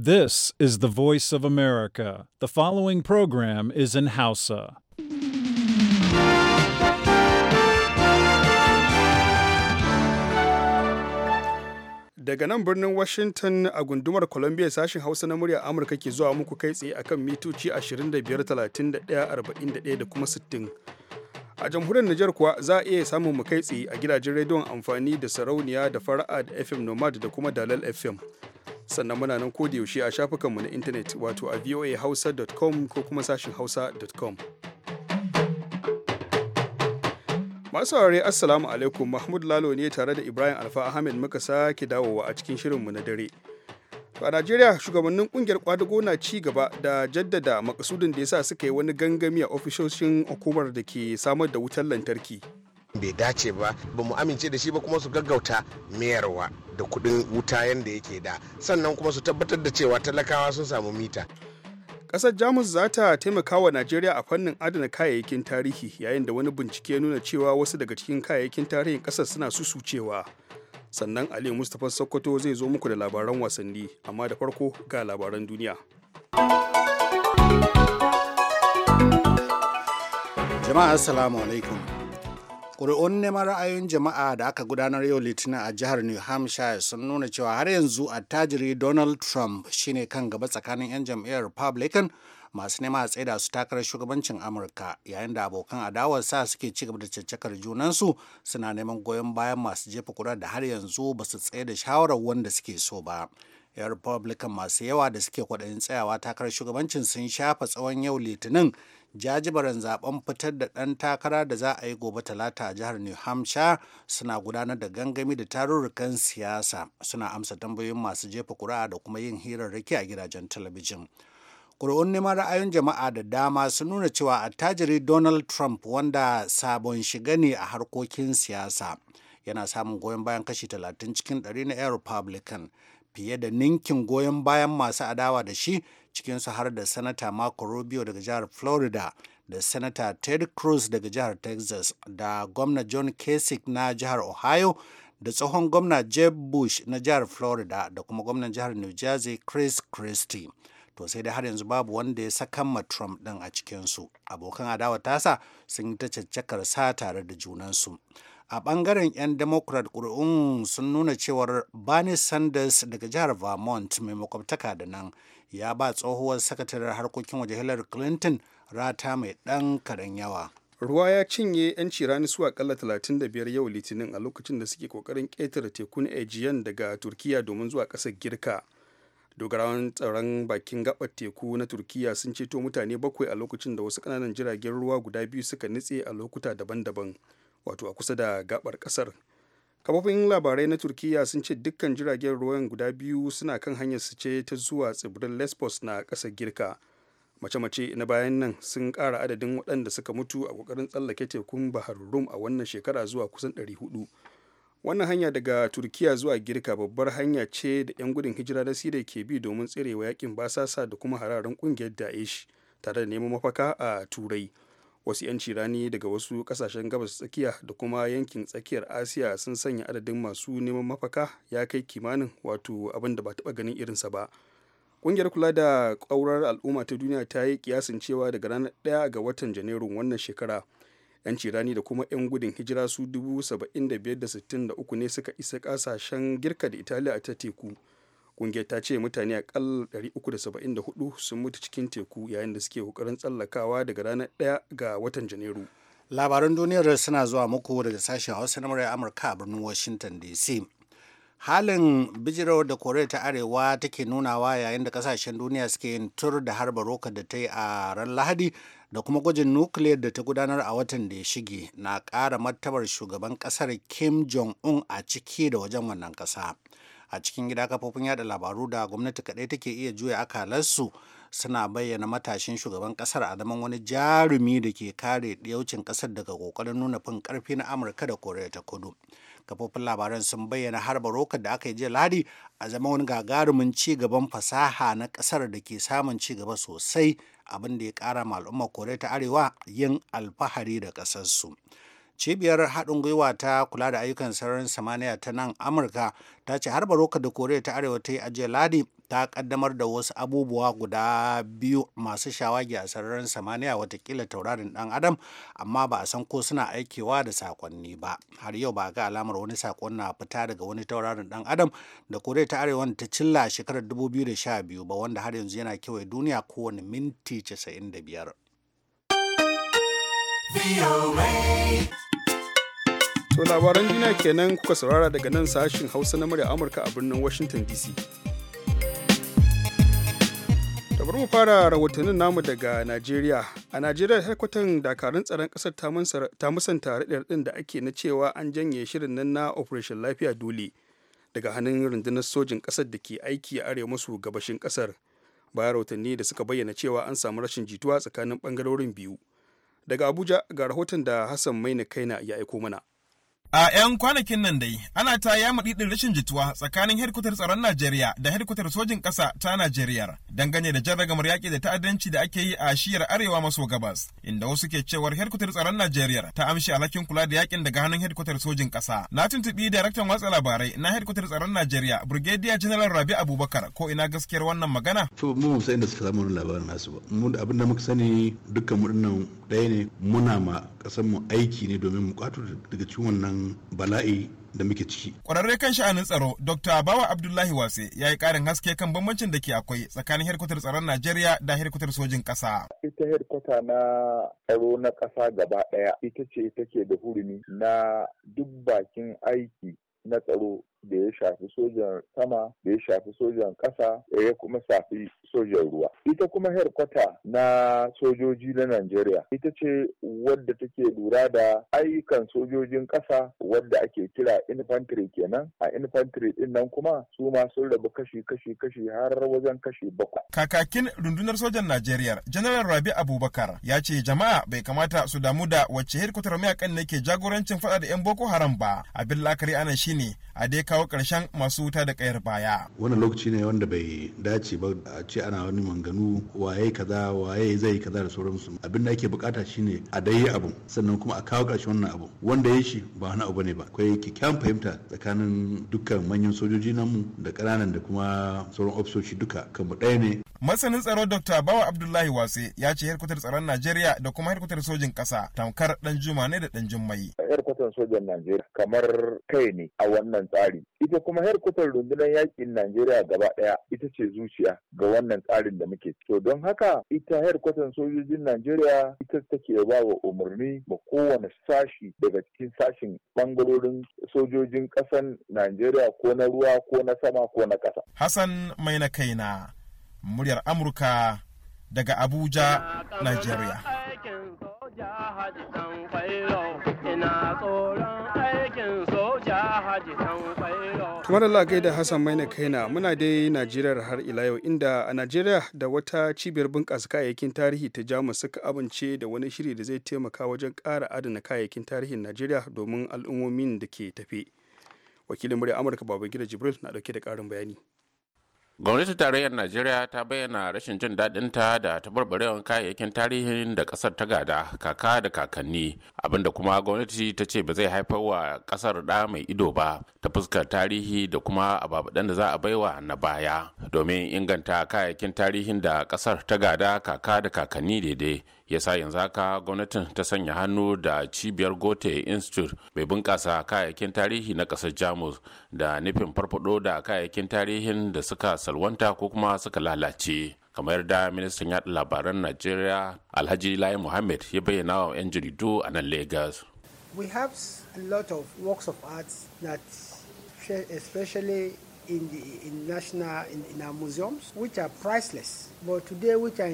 This is the voice of America. The following program is in Hausa. Daga nan birnin Washington a gundumar Columbia sashen Hausa na murya Amurka ke zuwa muku kai tsaye akan mitoci 25, 31, 41 da kuma 60. a jamhuriyar Nijar kuwa za a iya samun mu kai tsaye a gidajen rediyon amfani da sarauniya da fara'a da FM Nomad da kuma Dalal FM. Sannan muna nan ko da yaushe a shafukanmu na intanet wato a voahausa.com ko kuma sashin hausa.com. Masu saurare Assalamu alaikum Mahmud Lalo ne tare da Ibrahim Alfa Ahmed muka sake dawowa a cikin shirin mu na dare. a najeriya shugabannin kungiyar kwadago na ci gaba da jaddada makasudin da yasa suka yi wani gangami a ofishoshin hukumar da ke samar da wutar lantarki bai dace ba ba mu amince da shi ba kuma su gaggauta mayarwa da kudin wuta yadda yake da sannan kuma su tabbatar da cewa talakawa sun samu mita kasar jamus za ta taimaka wa najeriya a fannin adana kayayyakin tarihi yayin da wani bincike ya nuna cewa wasu daga cikin kayayyakin tarihin kasar suna susucewa. cewa sannan ali mustapha sokoto zai zo muku da labaran wasanni amma da farko ga labaran duniya jama'a assalamu alaikum ƙuri'un neman ra'ayoyin jama'a da aka gudanar yau litinin a jihar new hampshire sun nuna cewa har yanzu attajiri donald trump shine kan gaba tsakanin 'yan jam'iyyar republican masu neman a tsaida su takarar shugabancin amurka yayin da abokan adawar sa suke ci gaba da caccakar junansu suna neman goyon bayan masu jefa kura da har yanzu ba su tsaida shawarar wanda suke so ba 'yan republican masu yawa da suke kwaɗayin tsayawa takarar shugabancin sun shafa tsawon yau litinin jajibaran zaben fitar da ɗan takara da za a yi gobe talata a jihar new hampshire suna gudanar da gangami da tarurrukan siyasa suna amsa tambayoyin masu jefa kura da kuma yin hirarraki a gidajen talabijin. ƙuri'un neman ra'ayin jama'a da dama sun nuna cewa attajiri donald trump wanda sabon shiga ne a harkokin siyasa yana samun goyon bayan kashi 30 cikin 100 na 'yan republican fiye da ninkin goyon bayan masu adawa da shi cikinsu har da sanata marco rubio daga jihar florida da sanata ted cruz daga jihar texas da gwamna john kasich na jihar ohio da tsohon gwamna jeb bush na jihar florida da kuma gwamnan jihar new jersey chris christie to sai dai har yanzu babu wanda ya sakan ma trump ɗin a cikinsu abokan adawa tasa sun yi ta caccakar sa tare da junansu a ɓangaren 'yan democrat ƙuri'un sun nuna cewar bani sanders daga jihar vermont mai makwabtaka da nan ya ba tsohuwar sakataren harkokin waje hillary clinton rata mai ɗan karen yawa ruwa ya cinye 'yanci rani su akalla 35 yau litinin a lokacin da suke kokarin ƙetare tekun aegean daga turkiya domin zuwa ƙasar girka dogarawan tsaron bakin gabar teku na turkiya sun ceto mutane bakwai a lokacin da wasu kananan jiragen ruwa guda biyu suka nitse a lokuta daban-daban wato a kusa da gabar kasar kafofin labarai na turkiya sun ce dukkan jiragen ruwan guda biyu suna kan hanyar su ce ta zuwa tsibirin lesbos na kasar girka mace-mace na bayan nan sun ƙara adadin waɗanda suka mutu a ƙoƙarin tsallake tekun bahar rum a wannan shekara zuwa kusan 400 wannan hanya daga turkiya zuwa girka babbar hanya ce da 'yan gudun hijira da siriya ke bi domin tserewa yakin basasa da kuma hararen kungiyar daesh tare da neman mafaka a turai wasu 'yan cirani daga wasu kasashen gabas tsakiya da kuma yankin tsakiyar asiya sun sanya adadin masu neman mafaka ya kai kimanin wato abin da ba taba ganin irinsa ba kungiyar kula da ƙaurar al'umma ta duniya ta yi kiyasin cewa daga ranar 1 ga watan janairun wannan shekara 'yan cirani da kuma 'yan gudun hijira su 75,063 ne suka isa kasashen girka da italiya ta teku kungiyar ta ce mutane kal 374 sun mutu cikin teku yayin da suke kokarin tsallakawa daga ranar 1 ga watan janairu labaran duniyar suna zuwa muku daga sashen hausa na murya amurka a birnin washington dc halin bijirar da korea ta arewa take nunawa yayin da kasashen duniya suke yin tur da harba roka da ta yi a ran lahadi da kuma gwajin nukiliyar da ta gudanar a watan da ya shige na ƙara martabar shugaban ƙasar kim jong-un a ciki da wajen wannan ƙasa a cikin gida kafofin yada labaru da gwamnati kaɗai take iya juya akalarsu suna bayyana matashin shugaban ƙasar a zaman wani jarumi da ke kare ɗiyaucin ƙasar daga ƙoƙarin nuna fin ƙarfi na amurka da koriya ta kudu kafofin labaran sun bayyana harba baroka da aka yi jiya lahadi a zama wani gagarumin ci gaban fasaha na kasar da ke samun ci gaba sosai abin da ya kara ma al'umma koriya ta arewa yin alfahari da kasarsu cibiyar haɗin gwiwa ta kula da ayyukan sararin samaniya ta nan amurka ta ce harba baroka da koriya ta arewa ta yi a jiya lahadi ta kaddamar da wasu abubuwa guda biyu masu shawagi a sararin samaniya watakila taurarin dan adam amma ba a san ko suna aikewa da sakonni ba har yau ba ga alamar wani sakon na fita daga wani taurarin dan adam da kore ta arewa ta cilla shekarar 2012 ba wanda har yanzu yana kewaye duniya kowane minti 95 To labaran duniya kenan kuka saurara daga nan sashin Hausa na murya Amurka a birnin Washington DC. bari mu fara rahotannin namu daga najeriya a najeriya harkwatan dakarun tsaron kasar ta musanta raɗin da ake na cewa an janye shirin nan na operation lafiya dole daga hannun rundunar sojin kasar da ke aiki a arewa masu gabashin kasar bayan rahotanni da suka bayyana cewa an samu rashin jituwa tsakanin bangarorin biyu daga abuja ga rahoton da hassan maina kaina ya aiko mana A 'yan kwanakin nan dai, ana ta ya maɗiɗin rashin jituwa tsakanin hedkwatar tsaron Najeriya da hedkwatar sojin ƙasa ta Najeriya dangane da jarragamar yaƙi da ta'addanci da ake yi a shiyar arewa maso gabas, inda wasu ke cewar hedkwatar tsaron Najeriya ta amshi alhakin kula da yaƙin daga hannun hedkwatar sojin ƙasa. Na tuntuɓi daraktan watsa labarai na hedkwatar tsaron Najeriya, Brigadier General Rabi Abubakar, ko ina gaskiyar wannan magana? To mu ba da suka samu labarin nasu ba. Mu da abin da muka sani dukkan mu ɗaya ne muna ma ƙasar aiki ne domin mu ƙwato daga ciwon nan bala'i da muke ciki. Kwararre kan sha'anin tsaro Dr. Bawa Abdullahi Wase ya yi ƙarin haske kan bambancin da ke akwai tsakanin herkutar tsaron Najeriya da herkutar sojin ƙasa. Ita herkuta na tsaro na ƙasa gaba ɗaya ita ce take da hurumi na duk bakin aiki na tsaro da ya shafi sojan sama da ya shafi sojan ƙasa da ya kuma shafi sojan ruwa ita kuma herkwata na sojoji na najeriya ita ce wadda take lura da ayyukan sojojin ƙasa wadda ake kira infantry kenan a infantry din nan kuma su ma sun rabu kashi kashi kashi har wajen kashi bakwai kakakin rundunar sojan najeriya general rabi abubakar ya ce jama'a bai kamata su damu da wacce herkwatar mayakan ne ke jagorancin faɗa da 'yan boko haram ba abin la'akari ana shine a dai kawo karshen masu wuta da ƙayar baya. Wannan lokaci ne wanda bai dace ba a ce ana wani manganu waye kaza waye zai kaza da sauransu abin da ake bukata shine a dai abu sannan kuma a kawo ƙarshen wannan abu wanda ya shi ba wani abu ne ba akwai kyakkyawan fahimta tsakanin dukkan manyan sojoji namu da kananan da kuma sauran ofisoshi duka kanmu ɗaya ne. Masanin tsaro Dr. Bawa Abdullahi Wase ya ce harkutar tsaron Najeriya da kuma harkutar sojin kasa tamkar ɗan juma ne da ɗan jummai. Harkutar sojan Najeriya kamar kai ne a wannan tsari ita kuma herkutar rundunar yakin najeriya gaba daya ita ce zuciya ga wannan tsarin da muke to don haka ita herkutar sojojin najeriya ita take ba wa umarni ba kowane sashi daga cikin sashin bangarorin sojojin kasan najeriya ko na ruwa ko na sama ko na ƙasa hassan mai na kai na muryar amurka daga abuja najeriya kamar Allah da Hassan Maina Kaina muna dai Najeriya har ila yau inda a Najeriya da wata cibiyar bunƙasa kayayyakin tarihi ta Jamus suka amince da wani shiri da zai taimaka wajen ƙara adana kayayyakin tarihin Najeriya domin al'ummomin da ke tafe. Wakilin murya Amurka Babangida Jibril na ɗauke da karin bayani. gwamnatin tarayyar najeriya ta bayyana rashin jin daɗinta da taɓarɓarewar kayayyakin tarihin da ƙasar ta gada kaka da kakanni abinda kuma gwamnati ta ce ba zai haifar wa ƙasar ɗa mai ido ba ta fuskar tarihi da kuma ababaɗan da za a baiwa na baya domin inganta kayayyakin tarihin da ƙasar ta gada kaka da kakanni daidai yasa yanzu haka gwamnatin ta sanya hannu da cibiyar gote institute mai bunƙasa kayayyakin tarihi na ƙasar jamus da nufin farfado da kayayyakin tarihin da suka salwanta ko kuma suka lalace kamar da ministan yaɗa labaran najeriya alhaji lai muhammad ya bayyana wa 'yan jaridu a nan lagos we lot of works of art that especially in the in national in, in our museums which are priceless but today which are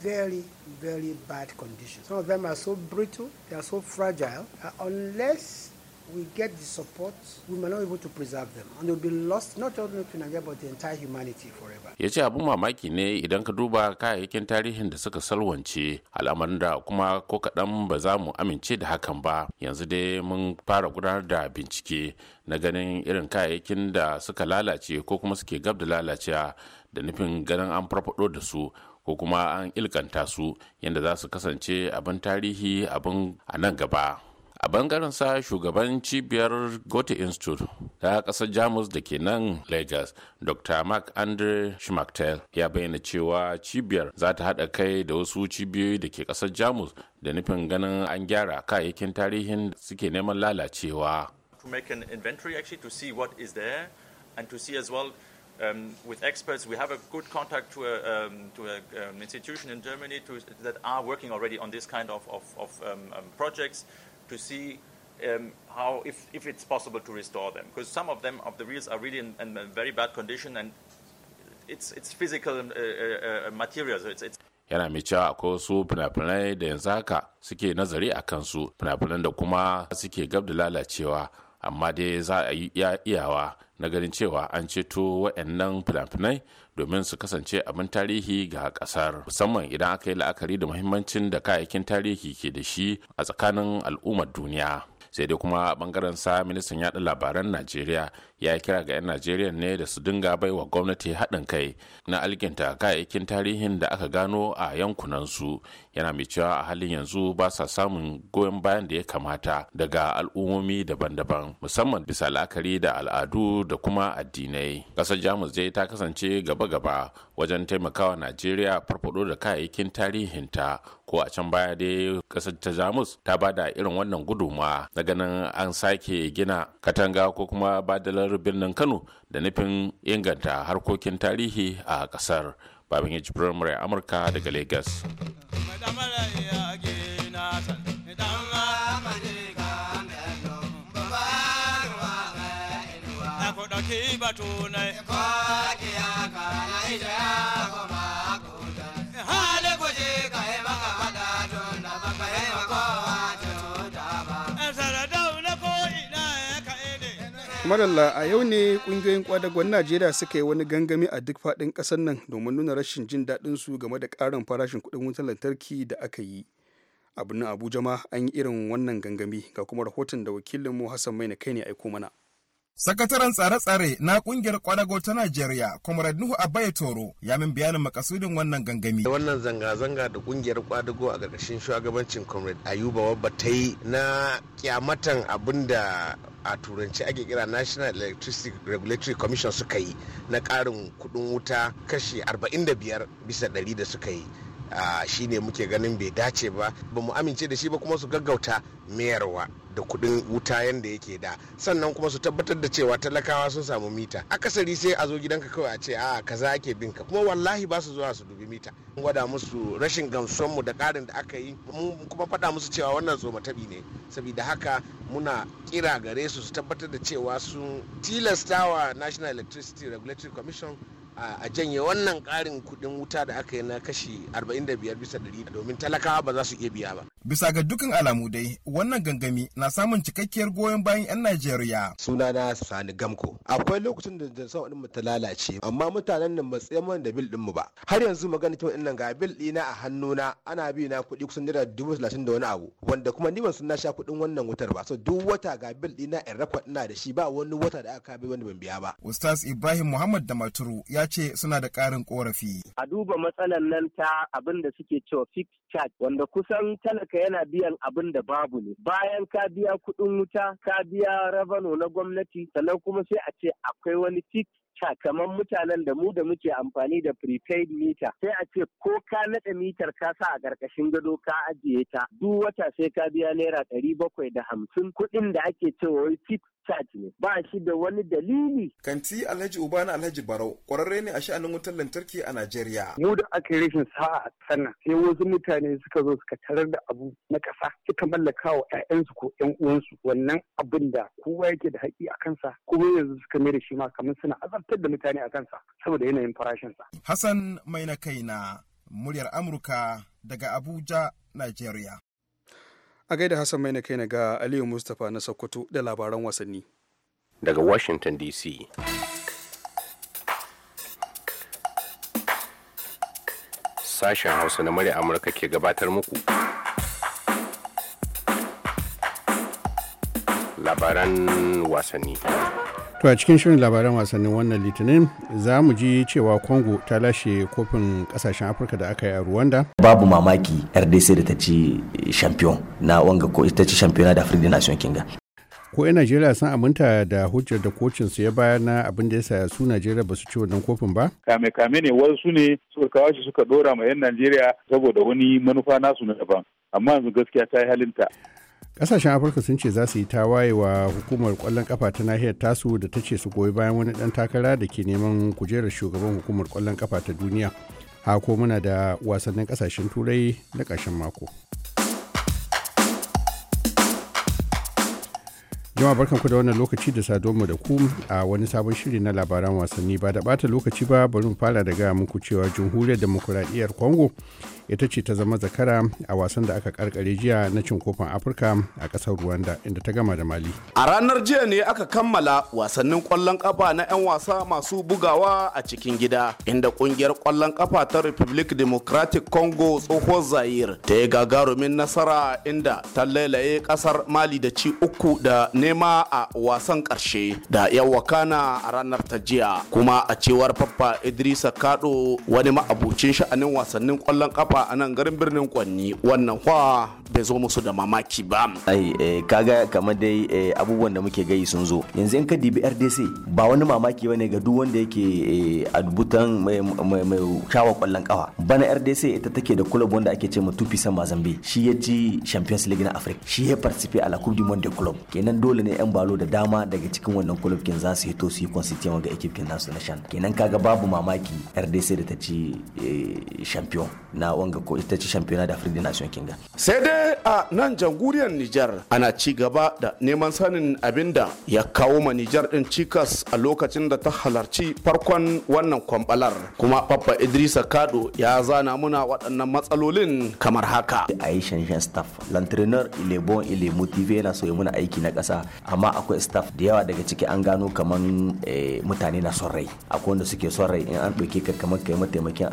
very, very bad condition. Some of them are so brittle, they are so fragile, unless we get the support, we may not able to preserve them. And they'll be lost not only to Nigeria but the entire humanity forever. Ya ce abin mamaki ne idan ka duba kayayyakin tarihin da suka salwance al'amarin da kuma ko kaɗan ba za mu amince da hakan ba. Yanzu dai mun fara gudanar da bincike na ganin irin kayayyakin da suka lalace ko kuma suke gab da lalacewa da nufin ganin an farfaɗo da su ko kuma an ilkanta su yadda za su kasance abin tarihi abin a nan gaba a bangaren sa shugaban cibiyar goethe institute ta kasar jamus da ke nan lagos dr mark andre schmachtel ya bayyana cewa cibiyar za ta hada kai da wasu cibiyoyi da ke kasar jamus da nufin ganin an gyara kayayyakin tarihin suke neman lalacewa to make an is there and um, with experts. We have a good contact to a, um, to a, um, institution in Germany to, that are working already on this kind of, of, of um, um, projects to see how if, if it's possible to restore them because some of them of the reels are really in, in very bad condition and it's it's physical uh, uh, uh material so it's, it's yana mai cewa fina-finai da yanzu haka suke nazari a kansu fina-finan da kuma suke gab da lalacewa amma dai za a yi iyawa na ganin cewa an ceto waɗannan fina-finai domin su kasance abin tarihi ga kasar musamman idan aka yi la'akari da muhimmancin da kayayyakin tarihi ke da shi a tsakanin al'ummar duniya sai dai kuma bangaren sa ministan yaɗa labaran najeriya ya kira ga 'yan najeriya ne da su dinga baiwa gwamnati haɗin kai na alkinta kayayyakin tarihin da aka gano a yankunansu yana mai cewa a halin yanzu ba sa samun goyon bayan da ya kamata daga al'ummomi daban-daban musamman bisa la'akari da al'adu da kuma addinai ƙasar jamus dai ta kasance gaba-gaba wajen taimakawa najeriya farfado da kayayyakin tarihinta ko a can baya dai ƙasar ta jamus ta bada irin wannan gudunmawa na ganin an sake gina katanga ko kuma badala masarautar birnin kano da nufin inganta harkokin tarihi a kasar babin ya amurka daga lagos Ki Maralla a yau ne kungiyoyin kwadagon Najeriya suka yi wani gangami a duk faɗin ƙasar nan domin nuna rashin jin daɗin su game da karin farashin kuɗin wutar lantarki da aka yi. abu na Abuja ma an yi irin wannan gangami ga kuma rahoton da wakilinmu Hassan Maina kai ne aiko mana. Sakataren tsare-tsare na kungiyar kwadago ta Najeriya, Comrade Nuhu Abaye Toro, ya min bayanin makasudin wannan gangami. Wannan zanga-zanga da kungiyar kwadago a ƙarƙashin shugabancin Comrade Ayuba Wabba ta yi na kyamatan abin da a turanci ake kira National Electricity Regulatory Commission suka yi na ƙarin kuɗin wuta kashi 45 bisa 100 da suka yi. shi ne muke ganin bai dace ba ba mu amince da shi ba kuma su gaggauta mayarwa da kuɗin wuta yadda yake da sannan kuma su tabbatar da cewa talakawa sun samu mita akasari sai a zo gidanka kawai a ce a kaza ake bin ka kuma wallahi ba su zuwa su dubi mita mun gwada musu rashin gamsuwan mu da karin da aka yi mun kuma faɗa musu cewa wannan tabi ne saboda haka muna kira gare su su tabbatar da cewa sun tilastawa national electricity regulatory commission a janye wannan karin kuɗin wuta da aka yi na kashi 45 bisa 100 domin talakawa ba za su iya biya ba. Bisa ga dukkan alamu dai wannan gangami na samun cikakkiyar goyon bayan 'yan Najeriya. na Sani Gamko. Akwai lokacin da jansan ɗin mu ta lalace amma mutanen nan ba tsaye da bil mu ba. Har yanzu magana kyau nan ga bil dina a na, ana bi na kuɗi kusan naira dubu talatin da wani abu wanda kuma ni ban sun sha kuɗin wannan wutar ba. So duk wata ga bil dina in rakwa ina da shi ba wani wata da aka bi wani ban biya ba. Ustaz Ibrahim Muhammad Damaturu ya ce suna da ƙarin korafi A duba matsalar nan ta abin da suke cewa fix charge wanda kusan talaka yana biyan abin da babu ne. Bayan ka biya kuɗin wuta, ka biya rabano na gwamnati, sannan kuma sai a ce akwai wani fix mita kamar mutanen da mu da muke amfani da prepaid mita sai a ce ko ka naɗa mitar ka sa a karkashin gado ka ajiye ta duk wata sai ka biya naira ɗari bakwai da hamsin kuɗin da ake cewa wai ne ba shi da wani dalili. Kanti Alhaji Uba na Alhaji Barau ƙwararre ne a sha'anin wutar lantarki a Najeriya. Mu da aka yi rashin sa'a a sannan sai wasu mutane suka zo suka tarar da abu na ƙasa suka mallaka wa 'ya'yansu ko 'yan uwansu wannan abin da kowa yake da haƙi a kansa kuma yanzu suka mai da shi ma kamar suna azab azabtar da mutane a kansa saboda yanayin farashinsa. Hassan mai na kai na muryar Amurka daga Abuja, Nigeria. A gaida Hassan mai na kai na ga Aliyu Mustapha na Sokoto da labaran wasanni. Daga Washington DC. Sashen Hausa na muryar Amurka ke gabatar muku. labaran wasanni. To a cikin shirin labaran wasannin wannan litinin za mu ji cewa Congo ta lashe kofin kasashen Afirka da aka yi a Rwanda. Babu mamaki RDC da ta ci champion na wanga ko ita ci champion da Afirka Nation Kinga. Ko 'yan Najeriya sun aminta da hujjar da kocin su ya bayar na abin da ya saya su Najeriya ba su ci wannan kofin ba? Kame kame ne wasu ne suka kawo shi suka dora ma 'yan Najeriya saboda wani manufa nasu na daban. Amma yanzu gaskiya ta yi halinta. kasashen afirka sun ce za su yi tawayewa hukumar kwallon kafa ta nahiyar tasu da ta ce su goyi bayan wani dan takara da ke neman kujerar shugaban hukumar kwallon kafa ta duniya hako muna da wasannin kasashen turai na ƙarshen mako. Jama'a barkanku da wannan lokaci da sadonmu da ku a wani sabon shiri na labaran wasanni ba da bata lokaci ba bari mu fara da gaya muku cewa jamhuriyar demokuraɗiyyar Congo ita ce ta zama zakara a wasan da aka karkare jiya na cin kofin Afirka a ƙasar Rwanda inda ta gama da Mali. A ranar jiya ne aka kammala wasannin kwallon ƙafa na 'yan wasa masu bugawa a cikin gida inda ƙungiyar kwallon ƙafa ta Republic Democratic Congo tsohuwar zayir ta yi gagarumin nasara inda ta lailaye ƙasar Mali da ci uku da nema a wasan karshe da ya wakana a ranar ta jiya kuma a cewar Faffa Idrisa Kado wani ma'abucin sha'anin wasannin kwallon kafa a nan garin birnin Kwanni wannan kwa bai zo musu da mamaki ba. Ai eh, kaga kamar dai eh, abubuwan da muke gai sun zo. Yanzu in ka dibi RDC ba wani mamaki bane ga duk wanda yake eh, a mai shawa kwallon kafa. Bana RDC ita take da kulub wanda ake ce ma Tupi Mazambe shi ya ci Champions League na Africa shi ya participate a La Coupe du Monde Club kenan dole dole ne yan balo da dama daga cikin wannan club za su hito su yi constituent ga ekipkin nasu na shan kenan kaga babu mamaki RDC da ta ci eh, champion na wanga ko ita ci champion da Africa Nation kinga sai dai a nan jamhuriyar nijar ana ci gaba da neman sanin abinda ya kawo ma Niger din cikas a lokacin da ta halarci farkon wannan kwambalar kuma Papa Idrisa Kado ya zana muna waɗannan matsalolin kamar haka a yi shanshan staff l'entraîneur il est bon il est yana so ya muna aiki na ƙasa amma akwai staff da yawa daga ciki an gano kamar eh, mutane na son rai akwai wanda suke son rai in an ɗauke ka kamar kai mataimakin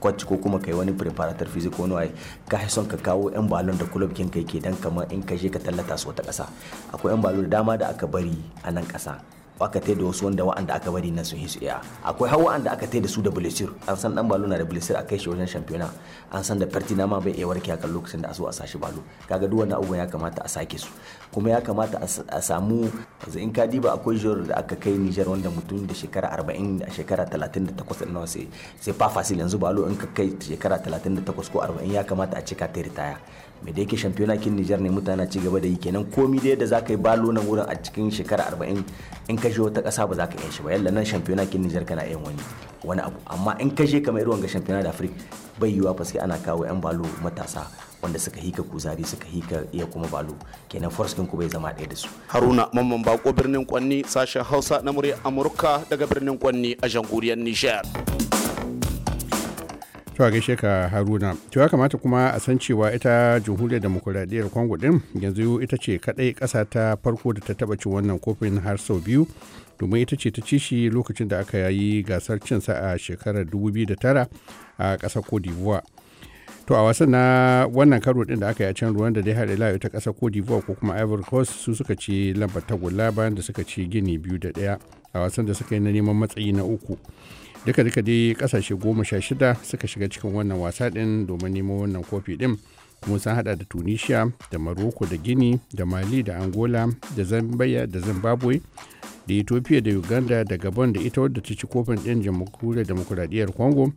kwaci eh, ko kuma kai wani preparator physical wani waye ka son ka kawo yan balon da club kin kai ke dan kamar in ka je ka tallata su wata ƙasa akwai yan balon da dama da aka bari a nan ƙasa aka taida wasu wanda wa'anda aka bari nan sun hisu iya akwai hawa wanda aka tai da su da bulisir an san dan balo na da bulisir a kai shi wajen shampiyona an san da pertina ma bai iya warke a lokacin da a so a sashi balo kaga duk wannan abubuwan ya kamata a sake su kuma ya kamata a samu in ka diba akwai jiyar da aka kai nijar wanda mutum da shekara 40 da shekara 38 din nawa sai sai yanzu balo in ka kai shekara 38 ko 40 ya kamata a cika ta ritaya mai da yake shampiyona kin Nijar ne mutane ci gaba da yi kenan komi da yadda zaka yi balo na wurin a cikin shekara arba'in in ka wata kasa ba za ka yi shi ba yalla nan shampiyona kin Nijar kana yin wani wani abu amma in ka je kamar irin ga shampiyona da afirka bai yiwa fa sai ana kawo yan balo matasa wanda suka hika kuzari suka hika iya kuma balo kenan force ku bai zama ɗaya da su Haruna Mamman Bako birnin Kwanni sashen Hausa na murya Amurka daga birnin Kwanni a jamhuriyar Nijar to a gaishe ka haruna to ya kamata kuma a san cewa ita jamhuriyar demokuraɗiyyar congo din yanzu ita ce kaɗai ƙasa ta farko da ta taba cin wannan kofin har sau biyu domin ita ce ta ci shi lokacin da aka yi gasar cin sa a shekarar 2009 a ƙasar cote d'ivoire to a wasan na wannan karo ɗin da aka yi a can ruwan da dai har ila ta ƙasar cote d'ivoire ko kuma ivory coast su suka ci lambar tagulla bayan da suka ci gini biyu da ɗaya a wasan da suka yi na neman matsayi na uku duka duka dai kasashe goma sha shida suka shiga cikin wannan wasa din domin nemo wannan kofi din kuma sun hada da tunisia da maroko da gini da mali da angola da zambia da zimbabwe da ethiopia da uganda da gabon da ita wadda ta ci kofin din jamhuriyar demokuraɗiyyar congo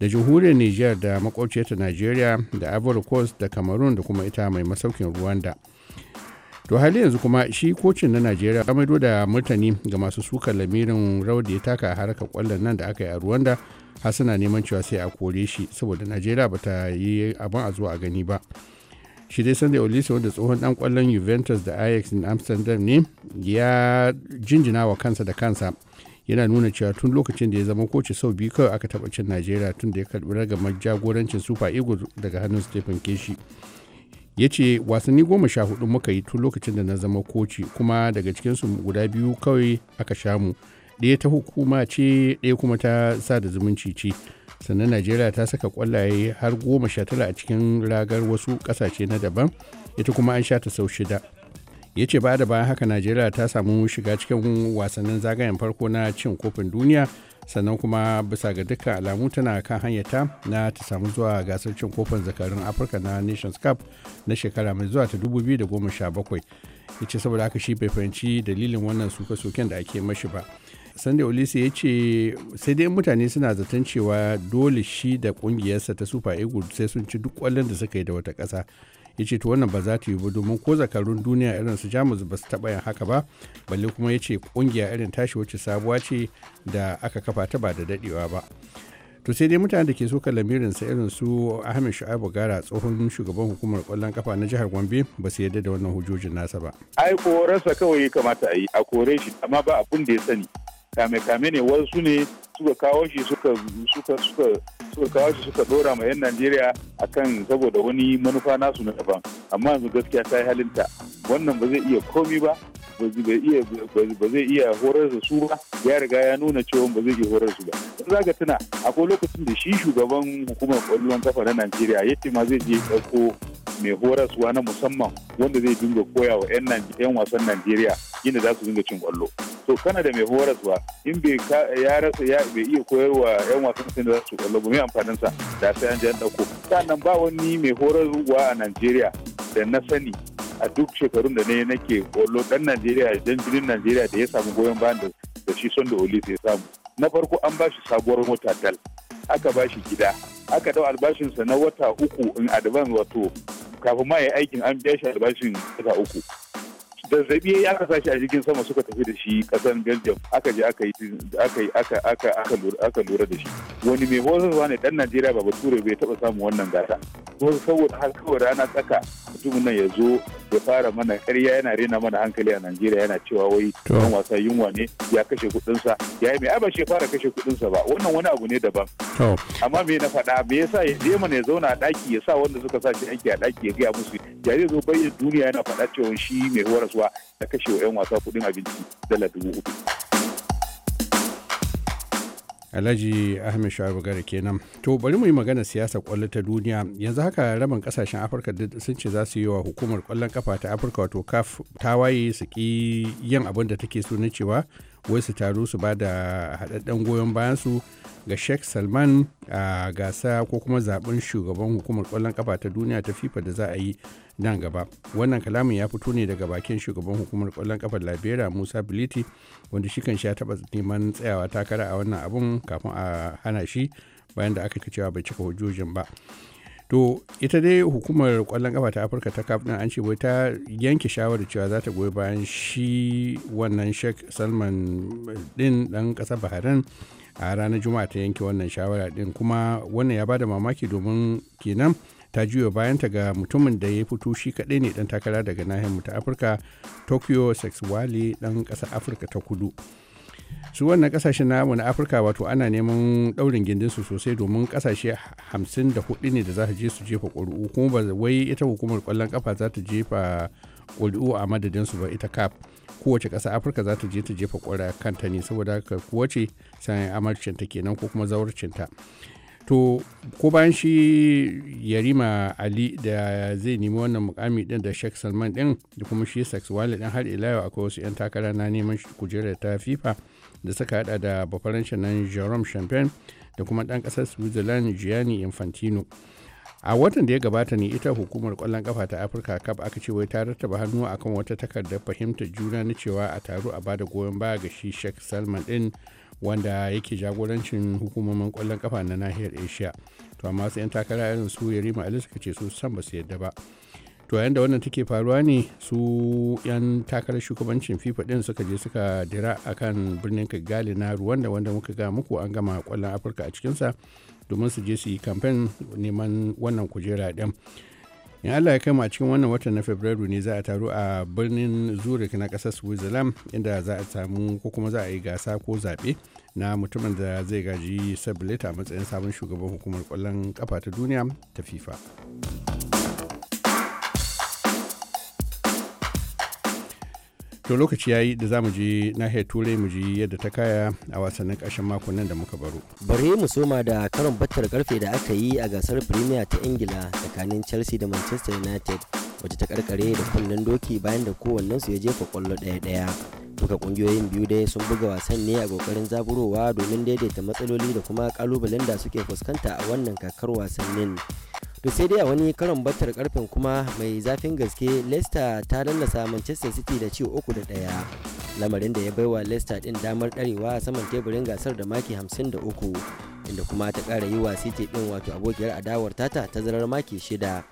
da jamhuriyar niger da ta nigeria da ivory coast da cameroon da kuma ita mai masaukin rwanda to hali yanzu kuma shi kocin na najeriya kamar da murtani ga masu sukar lamirin rawar da ya taka a harkar kwallon nan da aka yi a rwanda har suna neman cewa sai a kore shi saboda najeriya ba ta yi abin a zuwa a gani ba shi dai sunday olise wanda tsohon dan kwallon juventus da ajax in amsterdam ne ya jinjina wa kansa da kansa yana nuna cewa tun lokacin da ya zama koci sau biyu kawai aka taba cin najeriya tun da ya karɓi ragamar jagorancin super eagles daga hannun stephen keshi ya ce wasanni goma sha hudu muka yi tun lokacin da na zama koci kuma daga cikinsu guda biyu kawai aka sha mu ɗaya ta hukuma ce ɗaya kuma ta sa da zumunci ce sannan najeriya ta saka kwallaye har goma sha tara a cikin ragar wasu ƙasashe na daban ita kuma an sha ta sau shida ya ce ba da bayan haka najeriya ta samu shiga cikin wasannin zagayen farko na cin kofin duniya sannan kuma bisa ga dukkan alamu tana kan hanyata na ta samu zuwa gasar cin kofin zakarun afirka na nations cup na shekara mai zuwa ta 2017 ya ce saboda aka shi bai fahimci dalilin wannan suke-suken da ake mashi ba sunday olisi ya ce sai dai mutane suna zaton cewa dole shi da kungiyarsa ta super eagles sai sun ci duk kwallon da suka yi da wata kasa. ya ce to wannan ba za ta yi ba domin ko zakarun duniya irin su jamus ba su taɓa yin haka ba balle kuma ya ce ƙungiya irin tashi wacce sabuwa ce da aka kafa ta ba da daɗewa ba to sai dai mutane da ke so sa irin su ahmed shu'aibu gara tsohon shugaban hukumar kwallon kafa na jihar gombe ba su yarda da wannan hujjojin nasa ba ai korarsa kawai ya kamata a yi a kore shi amma ba abun da ya sani kame-kame ne wasu ne suka kawo shi suka suka suka suka kawo shi suka dora ma 'yan Najeriya kan saboda wani manufa nasu na daban amma yanzu gaskiya ta yi halinta wannan ba zai iya komi ba ba zai iya horar da su ba ya riga ya nuna cewa ba zai iya horar su ba za ka tuna akwai lokacin da shi shugaban hukumar kwallon kafa na Najeriya ce ma zai je ɗauko mai horaswa na musamman wanda zai dinga koya wa 'yan wasan Najeriya yadda za su dinga cin kwallo. to kana da mai horaswa in bai ya rasa ya bai iya koyarwa yan wasan sai da su kallo mai amfanin sa da sai an jan dauko sannan ba wani mai horarwa a Najeriya da na sani a duk shekarun da ne nake kollo dan Najeriya dan jirin Najeriya da ya samu goyon bayan da da shi son da ya samu na farko an bashi sabuwar mota dal aka ba gida aka dau albashinsa na wata uku in advance wato kafin ma aikin an biya shi albashin wata uku zazzabi ya aka sashi a jirgin sama suka tafi da shi kasan belgium aka je aka yi aka lura da shi wani mai horarwa ne dan najeriya ba bature bai taba samun wannan gasa ko saboda har kawai rana tsaka mutumin nan ya zo ya fara mana karya yana rena mana hankali a najeriya yana cewa wai dan wasa yunwa ne ya kashe kudinsa ya yi mai ba shi fara kashe kudinsa ba wannan wani abu ne daban amma me na faɗa me yasa ya je mana ya zauna a ɗaki ya sa wanda suka sa shi aiki a ɗaki ya gaya musu yare zo bayyana duniya yana faɗa cewa shi mai horaswa da wa 'yan wasa kuɗin abinci dala dubu uku. Alhaji Ahmed Shu'aibu Gare kenan. To bari mu yi magana siyasa kwallo ta duniya. Yanzu haka rabin kasashen Afirka sun ce za su yi wa hukumar kwallon kafa ta Afirka wato CAF waye su ki yin abin da take so na cewa wai su taru su ba da haɗaɗɗen goyon bayan su ga Sheikh Salman a gasa ko kuma zaben shugaban hukumar kwallon kafa ta duniya ta FIFA da za a yi nan gaba wannan kalamin ya fito ne daga bakin shugaban hukumar kwallon kafar labera musa biliti wanda shi kan sha taba neman tsayawa takara a wannan abun kafin a hana shi bayan da aka ci cewa bai cika hujjojin ba to ita dai hukumar kwallon kafa ta afirka ta kaf an ce wai ta yanke shawarar cewa za ta goyi bayan shi wannan sheikh salman din dan kasar bahrain a ranar juma'a ta yanke wannan shawara din kuma wannan ya bada mamaki domin kenan ta juya bayanta ga mutumin da ya fito shi kaɗai ne ɗan takara daga nahiyar ta afirka tokyo wali ɗan ƙasar afirka ta kudu su wannan kasashen namu na afirka wato ana neman daurin su sosai domin kasashe hudu ne da za ta je su jefa ƙuri'u kuma ba wai ita hukumar kwallon kafa za ta jefa ƙuri'u a madadinsu ba ita kaf kowace ƙasa afirka za ta je ta jefa ƙwara kanta ne saboda haka kowace sayan amarcinta kenan ko kuma zawarcinta to ko bayan shi yarima ali da zai nemi wannan mukami din da sheikh salman din da kuma shi sex wallet din har ila yau akwai wasu 'yan takara na neman kujerar ta fifa da suka hada da bafaran nan jerome champagne da kuma dan kasar switzerland gianni infantino a watan da ya gabata ne ita hukumar kwallon kafa ta afirka cup aka ce wai ta rattaba hannu akan wata takardar fahimtar juna na cewa a taro a bada goyon baya ga shi sheikh salman din wanda yake jagorancin hukumomin kwallon kafa na nahiyar asia to amma sai 'yan takara irin su yarima ali suka ce su san ba su yadda ba to yayin da wannan take faruwa ne su 'yan takarar shugabancin fifa din suka je suka dira akan birnin kigali na ruwanda wanda muka ga muku an gama kwallon afirka a cikinsa domin su je su yi kamfen neman wannan kujera din in allah ya a cikin wannan watan na fabrairu ne za a taru a birnin zurich na kasar switzerland inda za a samu ko kuma za a yi gasa ko zaɓe na mutumin da zai gaji sabuleta a matsayin sabon shugaban hukumar kwallon kafa ta duniya ta fifa to lokaci ya yi da za mu je nahiyar turai mu ji yadda ta kaya a wasannin ƙarshen makon nan da muka baro bari mu soma da karon battar karfe da aka yi a gasar premier ta ingila tsakanin chelsea da manchester united wacce ta karkare da kunnen doki bayan da kowannensu ya jefa kwallo ɗaya-ɗaya duka kungiyoyin biyu dai sun buga wasan ne a kokarin zaburowa domin daidaita matsaloli da kuma kalubalen da suke fuskanta a wannan kakar wasannin to sai dai a wani karon batar karfin kuma mai zafin gaske leicester ta lallasa manchester city da ci uku da daya lamarin da ya baiwa leicester din damar darewa saman teburin gasar da maki 53 inda kuma ta kara yi wa city din wato abokiyar adawar tata ta zarar maki shida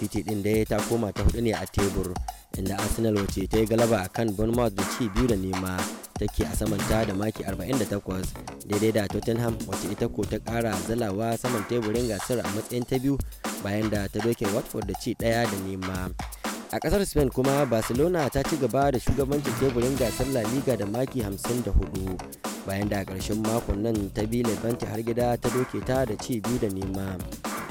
city din dai ta koma ta hudu ne a tebur inda arsenal wace ta yi galaba a kan bournemouth da ci biyu da nema take a samanta da maki 48 daidai da tottenham wace ita ko ta kara zalawa saman teburin gasar a matsayin ta biyu bayan da ta doke watford da ci daya da nema a kasar spain kuma barcelona ta ci gaba da shugabancin teburin gasar la liga da maki 54 bayan da karshen makon nan ta bi levante har gida ta doke ta da ci biyu da nema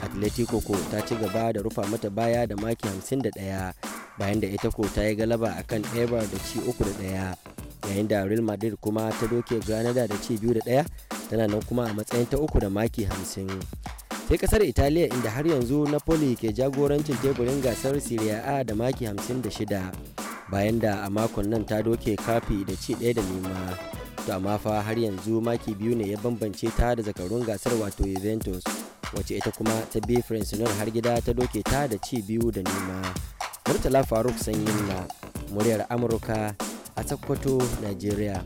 atletico ko ta ci gaba da rufa mata baya da maki 51 bayan da ita ko ta yi galaba a kan ebar da ci uku da ɗaya yayin da Real Madrid kuma ta doke Granada da ci biyu da ɗaya tana nan kuma a matsayin ta uku da maki hamsin. sai kasar italiya inda har yanzu napoli ke jagorancin teburin gasar serie a da maki hamsin da shida bayan da a makon nan ta doke kafi da ci ɗaya da nema to amma fa har yanzu maki biyu ne ya bambance ta da zakarun gasar wato juventus wacce ita kuma ta bi har gida ta doke ta da ci biyu da nema murtala faruk sanyin na muryar amurka a sakkwato najeriya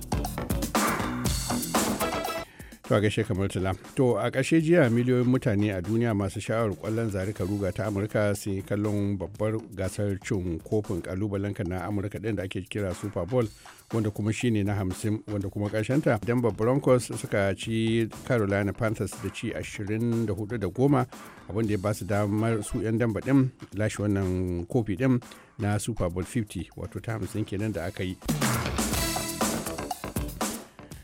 To a gaishe kamar tula. To a kashe jiya miliyoyin mutane a duniya masu sha'awar ƙwallon zarika ruga ta Amurka sun yi kallon babbar gasar cin kofin ƙalubalen na Amurka ɗin da ake kira Super Bowl wanda kuma shine na hamsin wanda kuma ƙarshenta Denver Broncos suka ci Carolina Panthers da ci 24 da goma abinda ya basu damar su 'yan damba ɗin lashe wannan kofi ɗin na Super Bowl 50 wato ta hamsin kenan da aka yi.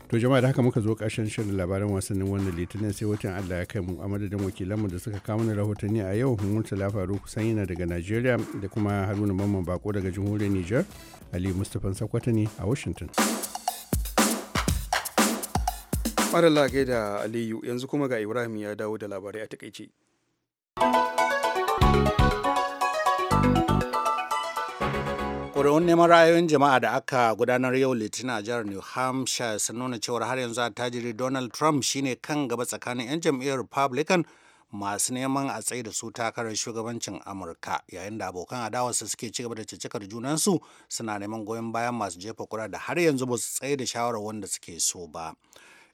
to jama'a da haka muka zo ƙarshen shirin labaran wasannin wannan litinin sai wata allah ya kai mu a madadin wakilanmu da suka kawo mana rahotanni a yau ta faru kusan yana daga najeriya da kuma haruna mamman bako daga jamhuriyar niger ali mustapha sakwata ne a washington mara lagai da aliyu yanzu kuma ga ibrahim ya dawo da labarai a takaice ƙuri'un neman ra'ayoyin jama'a da aka gudanar yau litinin a jihar new hampshire sun nuna cewar har yanzu attajiri donald trump shine kan gaba tsakanin 'yan jam'iyyar republican masu neman a tsaye da su takarar shugabancin amurka yayin da abokan adawarsa suke cigaba gaba da cicikar junansu suna neman goyon bayan masu jefa kura da har yanzu ba su tsaye da shawarar wanda suke so ba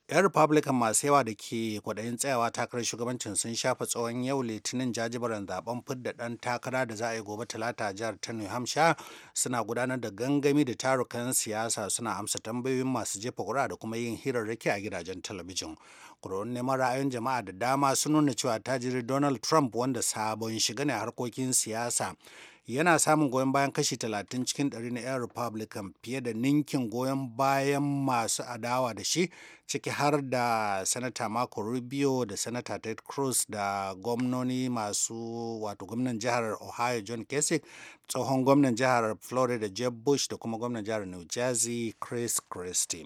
'yan republican masu yawa da ke kwaɗayin tsayawa takarar shugabancin sun shafa tsawon yau litinin jajibaran zaben fidda ɗan takara da za a yi gobe talata jihar ta new hampshire suna gudanar da gangami da tarukan siyasa suna amsa tambayoyin masu jefa kura da kuma yin hirarraki a gidajen talabijin ƙuri'un neman ra'ayin jama'a da dama sun nuna cewa tajiri donald trump wanda sabon shiga ne a harkokin siyasa yana samun goyon bayan kashi 30 cikin 100 na 'yan republican fiye da ninkin goyon bayan masu adawa da shi ciki har da sanata marco rubio da sanata ted cruz da gwamnoni masu wato gwamnan jihar ohio john kasich tsohon gwamnan jihar florida jeb bush da kuma gwamnan jihar new jersey chris christie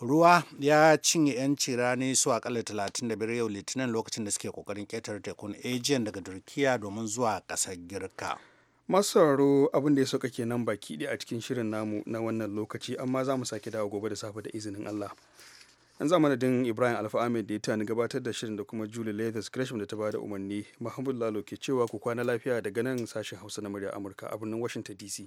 ruwa ya cinye 'yanci rani su akalla 35 yau litinin lokacin da suke kokarin ƙetare tekun aegean daga turkiya domin zuwa kasar girka masu sauraro abin da ya sauka ke nan baki ɗaya a cikin shirin namu na wannan lokaci amma za mu sake dawo gobe da safe da izinin allah an za manadin ibrahim alfa ahmed da ya tani gabatar da shirin da kuma juli leathers gresham da ta ba da umarni mahmud lalo ke cewa ku kwana lafiya daga nan sashen hausa na murya amurka a birnin washington dc